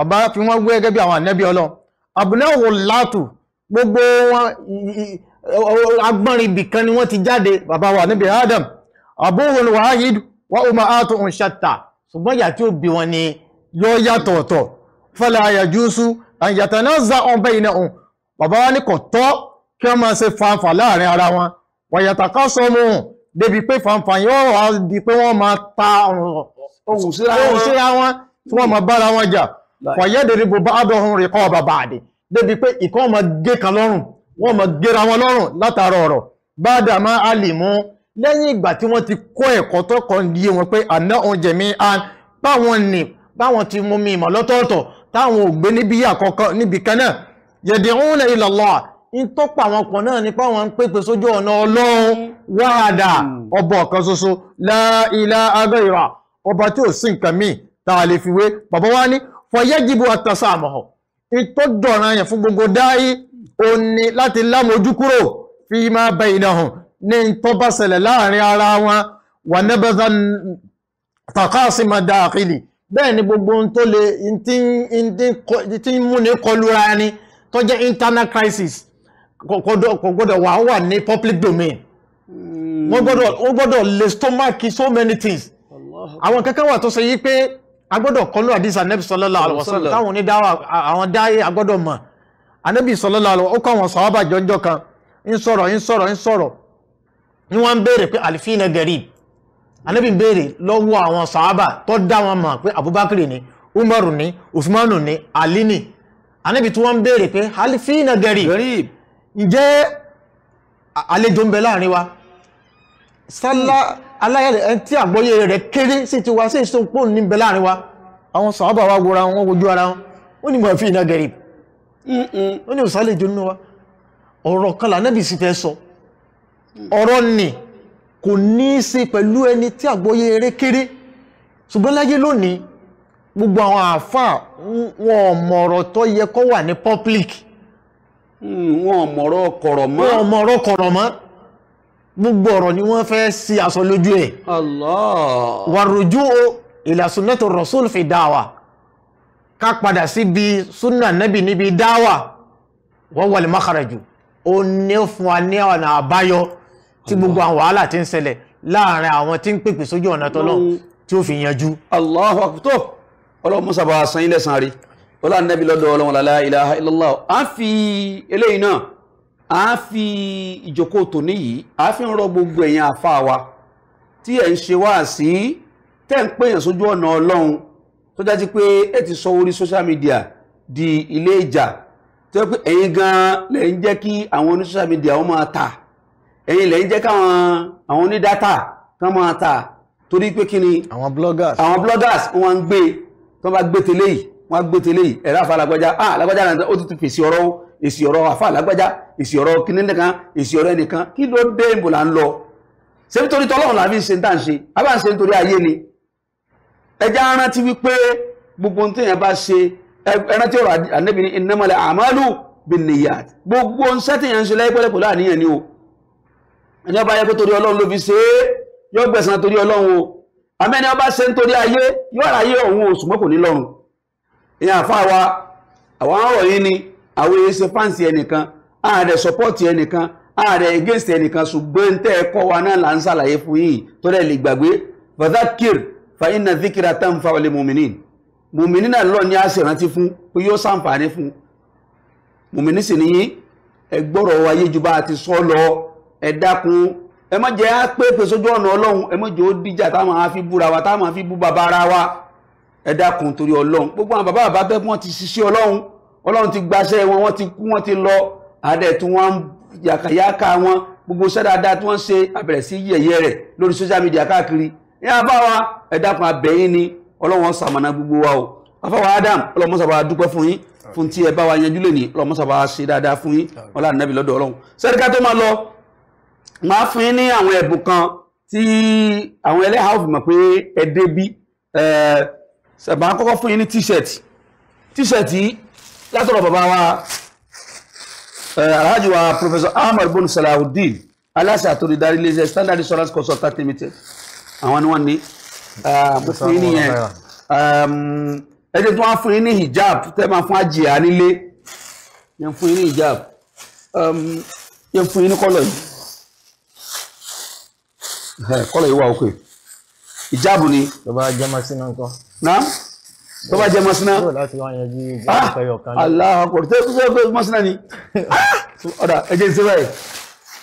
ọba fi wọ́n gbé gẹ́gẹ́ bí àwọn ànẹ́bí ọlọ́run àbúnáwò látù gbogbo wọn agbọ́nrin ibìkan ni wọ́n ti jáde bàbá wa níbi adam àbúrò wàhálìd wà ó máa àtò ń ṣàtà ṣùgbọ́n ìyà tí ó bí wọn ni yóò yàtọ̀ ọ̀tọ̀ fala yajusu an yatanaza'u bainahum bàbá wa ní kò tọ́ kí wọ́n máa ṣe fanfà láàrin ara wọn wa yataqasamu débi pé fanfà yóò wá di pé wọ́n máa ta ohùn síra wọn tí wọ́n máa bára wọn jà fọ̀yẹ́dẹ̀rẹ̀ bó bá àdọ̀hún rẹ̀ kọ́ ọba bàdé débi pé ìkan ọmọ gé kan lọ́rùn wọ́n mọ̀ gẹ́ra wọn lọ́rùn látara ọ̀rọ̀ bádà máa a lè mú lẹ́yìn ìgbà tí wọ́n ti kọ́ ẹ̀kọ́ tọ́kọ̀ yé wọn pé àná oúnjẹ mi á báwọn nì báwọn ti mú mi ìmọ̀ lọ́tọ̀ọ̀tọ̀ táwọn ò gbé níbi àkọ́kọ́ níbi kan náà yẹ̀dẹ̀ òun lè ilà lọ́à ń tọ́pọ̀ àwọn ọkọ̀ náà nípa wọn ń sójú ọ̀nà ọlọ́run wáàdà ọba ọ̀kan ṣoṣo láìlà ìwà ọba tí ò sí nǹkan míì tá a lè fi wé bàbá wa ní fọyẹ́jìbò àtàsà àmọ̀họ̀ tó dọ̀ràn yẹn fún gbogbo dáyé o ní láti lámojú kúrò fi máa bẹ ìdáhùn ní tó bá ṣẹlẹ̀ láàrin ara wọn wà nẹ́bẹ̀ẹ́ta takasi ma da àkìlì bẹ́ẹ̀ ni gbogbo ohun tó lè tí ń múni kọlura ni tó jẹ́ internal crisis kò gbọ́dọ̀ wà wà ní public domain hmm. wọ́n gbọ́dọ̀ lè stomach so many things àwọn kankan wà tó ṣe yí pé agbọ́dọ̀ kọlu àdìsí anabi sallallahu alaihi wasallam táwọn onídàáwà àwọn dáyé agbọ́dọ̀ mọ̀ anabi sallallahu alaihi wasallam ó kọ́ àwọn sàhábà jọjọ kan ń sọ̀rọ̀ ń sọ̀rọ̀ ń sọ̀rọ̀ ni wọ́n ń béèrè pé àlìfínà garib anabi ń béèrè lọ́wọ́ àwọn sàhábà tó dá wọn mọ̀ pé abubakar ni umaru ni usmanu ni ali ni anabi tí wọ́n ń béèrè pé àlìfínà garib ǹjẹ́ àlejò ń bẹ láàrin wa sálá. Hmm aláyẹ̀lẹ̀ ẹni tí àgbọ́yé rẹ̀ kéré sí ti wá sí ìsopó níbẹ̀ láàrin wa àwọn sàábà wa wòra wọn wojú ara wọn ó ní mọ̀ fi iná gẹ̀rẹ̀ ó ní òsàlẹ̀ ìjọ nínú wa ọ̀rọ̀ kan lànàbì sì fẹ́ sọ ọ̀rọ̀ nì kò ní í ṣe pẹ̀lú ẹni tí àgbọ́yé rẹ̀ kéré ṣùgbọ́n láyé lónìí gbogbo àwọn àáfàá wọn mọ̀rọ̀ tó yẹ kó wà ní public mm, wọn mọ̀rọ̀ kọ̀rọ̀ wọn mọ̀rọ̀ kọ̀rọ̀ mọ́ gbogbo ọ̀rọ̀ ni wọ́n fẹ́ sí aṣọ lójú ẹ̀. Allah. wàrújú o ila sunnati rasul fi dáwà ká padà síbi sunna nabi níbi dáwà wọ́n wà lè má kàràjù ó ní fún wa ní ọ̀nà àbáyọ tí gbogbo àwọn wàhálà ti ń ṣẹlẹ̀ láàrin àwọn tí ń pèpè sójú ọ̀nà tọ́lọ́ tí ó fi yanjú. Allahu akbar ọlọ́run musa bá a san ilẹ̀ san rí ọlọ́run nabi lọ́dọ̀ ọlọ́run la ilaha illallah à ń fi eléyìí náà a fi ìjókòó tòní yìí a fi ń rọ gbogbo ẹ̀yin àfa wa tí ẹ̀ ń ṣe wá sí tẹ́ ń pèèyàn sójú ọ̀nà ọlọ́run tó dájú pé ẹ ti sọ orí social media di ilé ìjà tó yẹ pé ẹ̀yin gan lẹ̀ ń jẹ́ kí àwọn oní social media wọ́n máa tà ẹ̀yin lẹ̀ ń jẹ́ káwọn àwọn onídátà kan máa tà torí pé kí ni àwọn bloggers àwọn bloggers wọ́n ń gbé tó bá gbé tẹ́lẹ̀ yìí wọ́n á gbé tẹ́lẹ̀ yìí ẹ̀rọ àfa làgbọ́já ah làgbọ́já náà ó ti fèsì ọ̀rọ̀ èsì ọ̀rọ̀ àfa àlágbájá èsì ọ̀rọ̀ kìnnìkan èsì ọ̀rọ̀ ẹnìkan kí ló dé ìbò là ń lọ ṣé nítorí tọ́lọ́run làbí ṣe ń tà ń ṣe àbá ń ṣe nítorí ayé ni ẹja rántí wípé gbogbo tí èèyàn bá ṣe ẹran tí ọ̀rọ̀ ànẹ́bí ní ìnámọ̀lẹ̀ àmọ́lù binniyat gbogbo ń ṣẹ́ tí èèyàn ń ṣe láyé pẹ́lẹ́pẹ́ láàníyàn ni o ẹni ọba yẹ pé torí ọlọ́run ló fi ṣe é yóò gbẹ̀san torí ọlọ́run o àmẹ́ni ọba ṣe ń ayé yóò ráyé òun oṣù mọ́kò ìyẹn àfa wa àwọn ọ̀rọ̀ yìí ni àwọn èyí ṣe fáǹsì ẹnìkan ààrẹ sọpọ́ọ̀tì ẹnìkan ààrẹ against ẹnìkan ṣùgbọ́n tẹ́ ẹ kọ́ wa náà là ń ṣàlàyé fún yìí tó dẹ̀ lè gbàgbé fadhakir fa inna dhikra tanfa'u lil mu'minin mùmìnì náà lọ ní àṣìrántí fún pé yóò ṣàǹfààní fún mùmìnì sì níyí ẹ gbọ́rọ̀ ju bá a ti sọ lọ ẹ dákun ẹ má jẹ́ á pé fi búra wa táwọn á fi bú gbogbo àwọn bàbá bẹ́ẹ̀ ti ṣiṣẹ́ ọlọ́run ọlọ́run ti gbaṣẹ́ wọn wọ́n ti kú wọ́n ti lọ àdẹ̀ tí wọ́n ń yàkàyàkà wọn gbogbo iṣẹ́ dáadáa tí wọ́n ṣe àbẹ̀rẹ̀ sí yẹ̀yẹ́ rẹ̀ lórí social media káàkiri ní abáwa ẹ̀dàkùn abẹ́yìn ni ọlọ́run ṣamọ̀nà gbogbo wa o afáwa Adam ọlọ́run sábà dúpẹ́ fún yín fún tí ẹ bá wa yanjú lónìí ọlọ́run sábà ṣe dáadáa fún yín ọlá nàbì lọ́dọ̀ ọlọ́run sẹ́ríkà tó máa lọ máa fún yín ní àwọn ẹ̀bùn kan tí àwọn ẹlẹ́hà ò mọ̀ pé ẹ débí ṣàbà kọ́kọ́ fún yín ní t-shirt t-shirt látọ̀rọ̀ bàbá wa alhaji wa professor ahmed bonu salahudeen aláṣẹ àtòrí darí iléeṣẹ́ standard insurance consultant limited àwọn ni wọ́n ní mo fún yín nìyẹn ẹ jẹ́ tí wọ́n á fún yín ní hijab tẹ́ máa fún àjìyà nílé yẹn fún yín ní hijab yẹn fún yín ní kọ́lọ̀ yìí kọ́lọ̀ yìí wà ókè hijab ni. tó bá jẹ́ masina nǹkan tó bá jẹ mọ́sánná aláhà kò tó tó tó mọ́sánná ni ah! ọ̀dà ẹ̀jẹ̀ ń sẹ́wà ẹ̀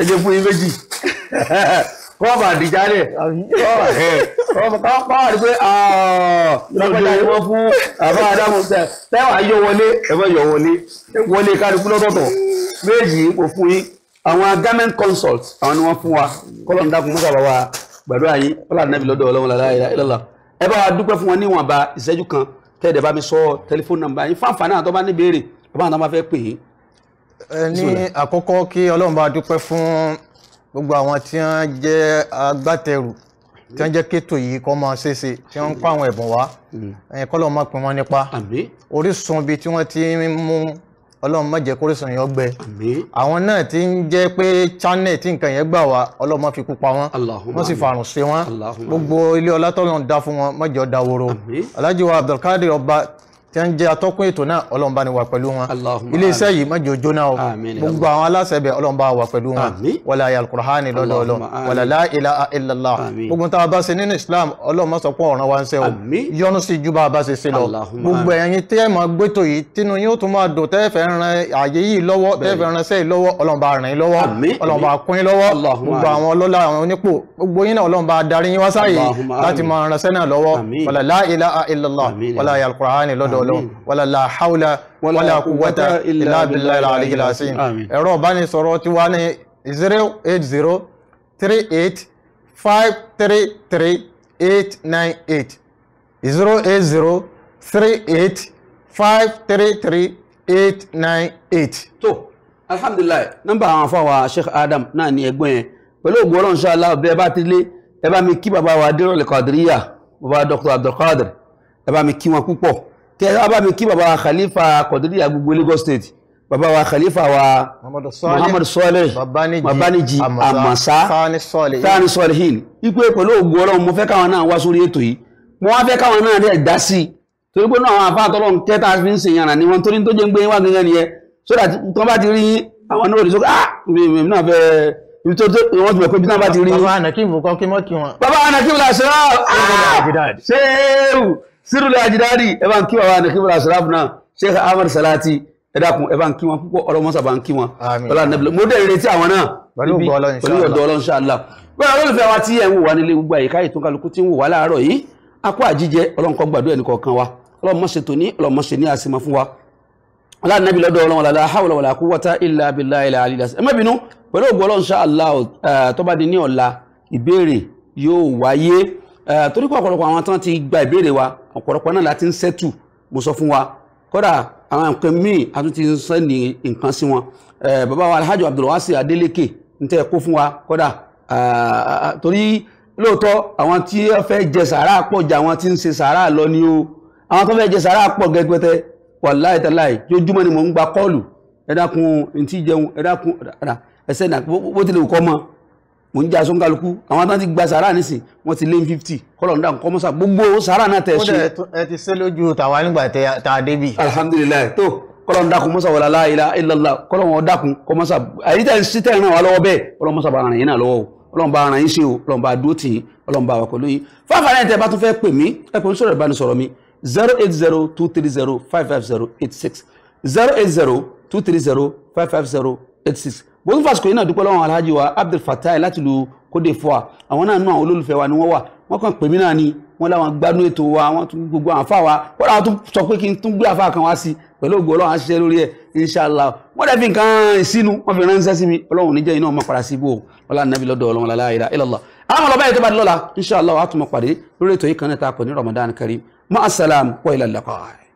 ẹ̀jẹ̀ fún yín méjì kọ́ọ̀bà àdìjà rẹ̀ kọ́ọ̀bà rí pé ah! lọ́pẹ́ta ni wọ́n fún àbá adámu tẹ́wà yọ wọlé ẹ̀fọ́ yọ wọlé wọlé kálukú lọ́tọ̀ọ̀tọ̀ méjì kò fún yín àwọn government consult àwọn ni wọ́n fún wa kọ́lọ̀ ń dákun mọ́sàbà wa gbàdúrà yín ọlọ́run náà bí lọ́dọ̀ ọlọ́run làlá ìlọ́lá ẹ bá wa dúpẹ́ fún wọn níwọ̀nba ìṣẹ́jú kan tẹ́ẹ̀dẹ̀ bá mi sọ tẹlifóònù nàmbà yín fáfàánà àtọ́ bá ní béèrè bàbá àtọ́ bá fẹ́ pè é. ẹ ní àkọ́kọ́ kí ọlọ́run bá dúpẹ́ fún gbogbo àwọn tí wọ́n jẹ́ agbátẹrù tí wọ́n jẹ́ kétò yìí kọ́ máa ṣeéṣe tí wọ́n ń kó àwọn ẹ̀bùn wá mm. ẹ̀yìn kọ́ lọ́ọ́ máa pín wọn nípa Orísun bíi tí wọ́n ti mú ọlọ́run má jẹ́ kórìsàn yẹn ọgbẹ́ àwọn náà ti ń jẹ́ pé channel tí nǹkan yẹn gbà wá ọlọ́run má fi kú pa wọ́n wọ́n sì fàrùn ṣe wọ́n gbogbo ilé ọlá tọ́lọ́run dá fún wọn má jẹ́ ó dá Abdulkadir ọba tí wọ́n jẹ́ atọ́kùn ètò náà ọlọ́run bá ní wà pẹ̀lú wọn iléeṣẹ́ yìí má jẹ́ ó jóná o gbogbo àwọn aláṣẹ bẹ̀ ọlọ́run bá wà pẹ̀lú wọn wàlá alukur'ani lọ́dọ̀ ọlọ́run wàlá la ilaha illallah gbogbo tá a bá ṣe nínú islam ọlọ́run má sọ pé ọ̀ràn wa ń ṣe o yọ́nú sí ju bá a bá ṣe ṣe lọ gbogbo ẹ̀yin tẹ́ ẹ̀ máa gbẹ́tò yìí tínú yóò tún máa dùn tẹ́ẹ̀fẹ̀ ran ọlọ́run wàlá la haúlá wàlá kúwẹ́tà ìlàbílà àlàyé làásìn ẹ̀rọ ìbánisọ̀rọ̀ tí wà ní zero eight zero three eight five three three eight nine eight zero eight zero three eight five three three eight nine eight. tó alhamdulilayi nọ́mbà àwọn afọwà Sheikh Adam náà ní ẹgbẹ́ yẹn pẹ̀lú ògùn ọlọ́run ṣáàlá ọ̀bẹ bá ti lé ẹ bá mi kí bàbá wa dérọ̀lẹ̀ Qadiriyya bàbá Dr. Abdulkadir ẹ mi kí wọn púpọ̀ tẹ ẹ bá mi kí baba wa khalifa kọ̀dọ́díyà gbogbo Lagos state baba wa khalifa wa Muhammad Saleh Babaniji Amasa Sani Solihin ipe pẹ̀lú ògùn ọlọ́run mo fẹ́ káwọn náà wá sórí ètò yìí mo wá fẹ́ káwọn náà dẹ̀ dá sí i torí pé náà àwọn afáàtọ́lọ́run tẹ́ta fi ń sèyànrà ni wọ́n torí tó jẹ́ ń gbé wá gẹ́gẹ́ nìyẹn so that tó bá ti rí àwọn náà rí sókè ah mi náà fẹ́ ibi tó tó wọ́n ti mọ̀ pé ibi náà bá ti rí. bàbá anakim kọ́ kí mọ́ kí wọn. bàbá anakim la ṣe ọ́ sírùlẹ àjìdárì ẹ bá ń kí bàbá ní kíbùrà sàràf náà sheikh ahmed salati ẹ dákun ẹ bá ń kí wọn púpọ̀ ọlọmọsà bá ń kí wọn ọlá nẹbìlẹ mo dẹrẹ retí àwọn náà níbi pẹ̀lú ọ̀dọ̀ Ọlọ́run ṣáàlá bẹ́ẹ̀ olólùfẹ́ wa tí ẹ ń wò wá nílé gbogbo àyíká ètò kálukú tí ń wò wá láàárọ̀ yìí akó àjíjẹ Ọlọ́run kó gbàdúrà ẹnì kọ̀ọ̀kan wa Ọlọ́run má ṣe tòní Ọlọ́run má ṣe ní àṣemọ fún wa aláàdínábì lọ́dọ̀ Ọlọ́run wàlá hàwùlà wàlá kú wọ́tá ilà abilà ilà àlìlà ẹ má bínú pẹ̀lú ògbó Ọlọ́run ṣáàlá ọ̀la ìbéèrè yóò wáyé torí pé ọ̀pọ̀lọpọ̀ àwọn tán ti gba ìbéèrè wa ọ̀pọ̀lọpọ̀ náà láti ń sẹ́tù mo sọ fún wa kódà àwọn nǹkan míì a tún ti ń sẹ́ ní nǹkan sí wọn bàbá wa alhaji abdulwasi adeleke ń tẹ́ kó fún wa kódà torí lóòótọ́ àwọn tí wọ́n fẹ́ jẹ sàárà pọ̀ jẹ àwọn tí ń ṣe sàárà lọ ni o àwọn tó fẹ́ jẹ sàárà pọ̀ gẹ́gẹ́tẹ́ wàláì tàláì jójúmọ́ ni mò ń gba kọ́ọ̀lù ẹ dákun mo ń já aṣọ ń kálukú àwọn tán ti gba sàárà nísìn wọ́n ti lé ní fifty kọ́lọ̀ ń dà nǹkan mọ́sà gbogbo sàárà náà tẹ̀ ṣe. ẹ ti ṣe lójú tàwa nígbà tá a débi. alhamdulilayi tó kọ́lọ̀ ń dákun mọ́sà wàlá ilaha illallah kọ́lọ̀ wọn dákun kọ́ mọ́sà àyè tẹ̀ ń sí tẹ̀ ràn wá lọ́wọ́ bẹ́ẹ̀ ọlọ́run mọ́sà bá ara yín náà lọ́wọ́ ọlọ́run bá ara yín ṣe o ọlọ́run bá dúró tì ọlọ́run bá wà pẹ̀lú yín fáfàrẹ́ tẹ bá tún fẹ́ pè mí mi zero eight zero two three zero five five zero eight six zero eight zero two three zero five five zero eight six mo tún fàṣìkò yìí náà dúpẹ́ lọ́wọ́ alhaji wa Abdul Fatai láti lu kóde fún wa àwọn náà nú àwọn olólùfẹ́ wa ni wọ́n wà wọ́n kàn pè mí náà ni wọ́n láwọn gbádùn ètò wa wọ́n tún gbogbo àǹfà wa wọ́n làwọn tún sọ pé kí n tún gbé àǹfà kan wá sí pẹ̀lú ògo ọlọ́run àṣìṣe lórí ẹ̀ inṣàlá wọ́n dẹ̀ fi nǹkan ìsínú wọ́n fi ránṣẹ́ sí mi ọlọ́run níjẹ́ iná ọmọ padà sí ibò ọlá nàbí lọ́dọ̀ ọlọ́run lálá ìlà ìlàlá àwọn ọlọ́bẹ̀ yìí tó bá dé lọ́la inṣàlá wa tún mọ pàdé lórí ètò yìí kan náà ta pè ní Ramadan Kareem ma'as salam wa ilal liqa